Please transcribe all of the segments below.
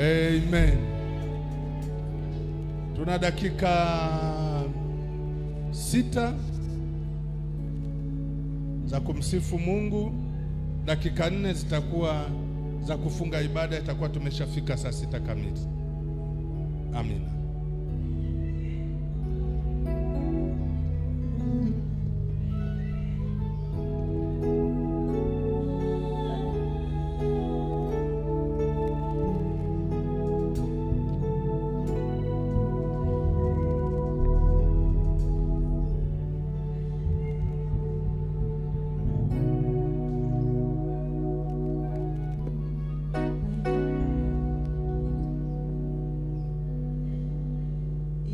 Amen. Tuna dakika sita za kumsifu Mungu. Dakika nne zitakuwa za kufunga ibada, itakuwa tumeshafika saa sita kamili. Amina.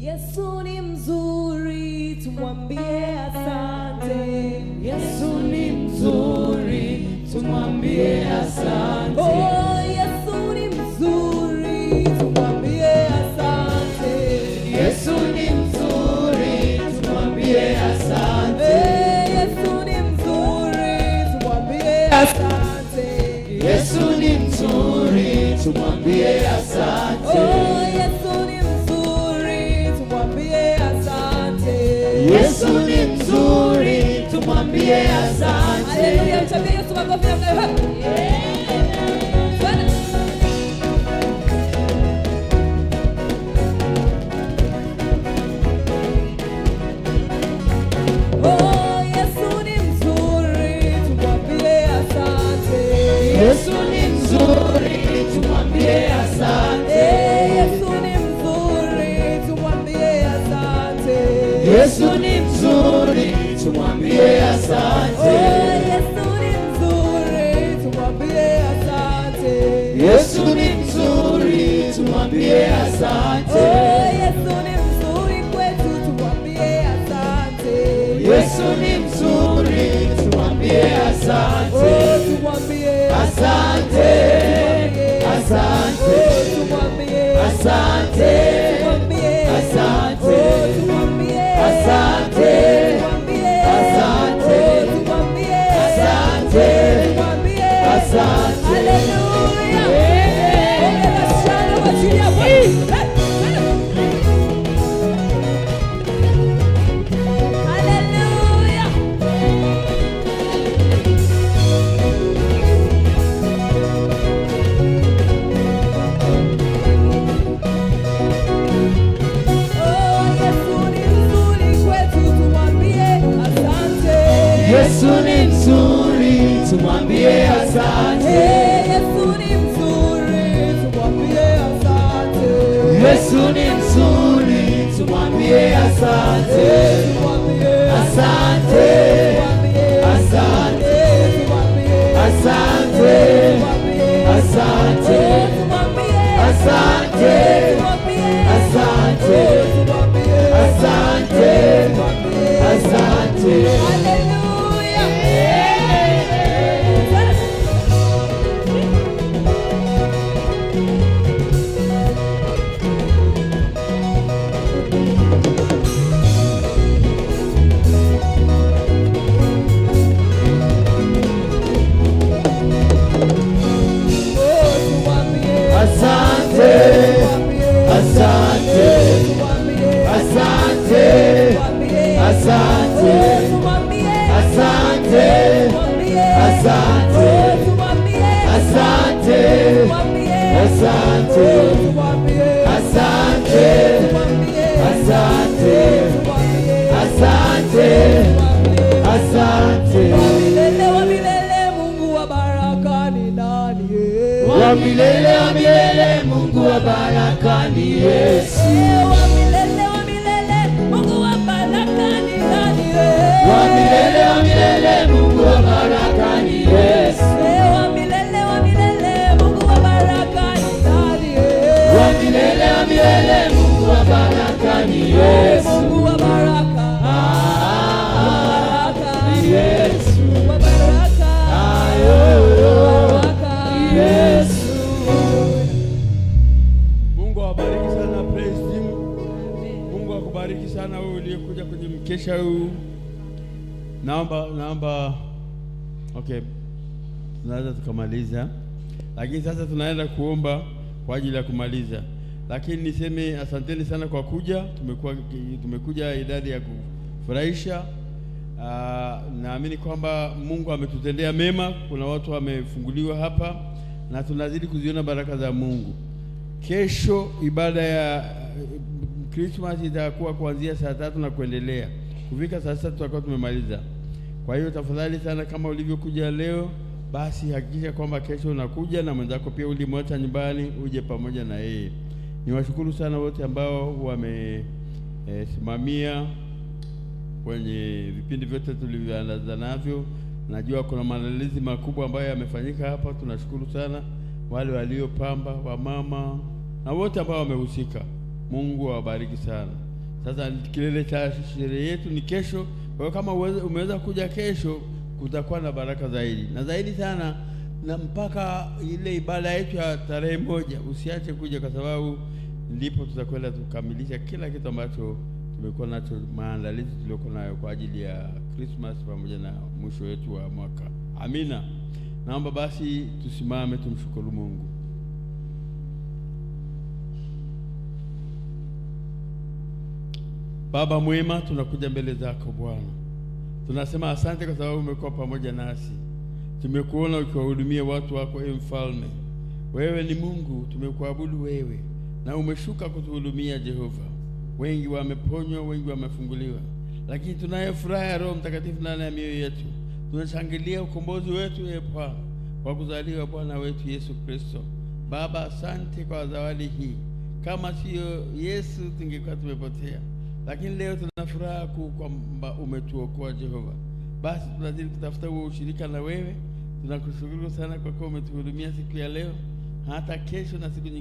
Yesu ni mzuri, tumwambie asante. Yesu ni mzuri, tumwambie asante. Oh, Yesu ni mzuri, tumwambie asante. Yesu ni mzuri, tumwambie asante. Hey, eh, Yesu ni mzuri, tumwambie asante. Yesu ni mzuri, tumwambie asante. Oh, niambie asante. Haleluya, mchapie Yesu makofi namna Oh asante você passar. asante, asante, asante. mkesha huu naomba naomba, okay, tunaweza tukamaliza, lakini sasa tunaenda kuomba kwa ajili ya kumaliza. Lakini niseme asanteni sana kwa kuja, tumekuwa tumekuja idadi ya kufurahisha. Ah, naamini kwamba Mungu ametutendea mema, kuna watu wamefunguliwa hapa na tunazidi kuziona baraka za Mungu. Kesho ibada ya Christmas itakuwa kuanzia saa tatu na kuendelea kufika saa sita tutakuwa tumemaliza. Kwa hiyo tafadhali sana, kama ulivyokuja leo, basi hakikisha kwamba kesho unakuja na mwenzako pia ulimwacha nyumbani, uje pamoja na yeye. Niwashukuru sana wote ambao wamesimamia e, kwenye vipindi vyote tulivyoandaza navyo. Najua kuna maandalizi makubwa ambayo yamefanyika hapa, tunashukuru sana wale waliopamba, wamama na wote ambao wamehusika. Mungu awabariki sana. Sasa kilele cha sherehe yetu ni kesho. Kwa hiyo kama umeweza kuja kesho, kutakuwa na baraka zaidi na zaidi sana, na mpaka ile ibada yetu ya tarehe moja usiache kuja, kwa sababu ndipo tutakwenda tukamilisha kila kitu ambacho tumekuwa nacho, maandalizi tuliokuwa nayo kwa ajili ya Christmas pamoja na mwisho wetu wa mwaka. Amina. Naomba basi tusimame tumshukuru Mungu. Baba mwema, tunakuja mbele zako Bwana, tunasema asante kwa sababu umekuwa pamoja nasi. Tumekuona ukiwahudumia watu wako, e Mfalme. Wewe ni Mungu, tumekuabudu wewe na umeshuka kutuhudumia Jehova. Wengi wameponywa, wengi wamefunguliwa, lakini tunaye furaha ya Roho Mtakatifu ndani ya mioyo yetu. Tunashangilia ukombozi wetu, e Bwana, kwa kuzaliwa Bwana wetu Yesu Kristo. Baba, asante kwa zawadi hii. Kama siyo Yesu tungekuwa tumepotea. Lakini leo tuna furaha kuu kwamba umetuokoa Jehova. Basi tunazidi kutafuta huo ushirika na wewe. Tunakushukuru sana kwa kuwa umetuhudumia siku ya leo, hata kesho na siku nyingine.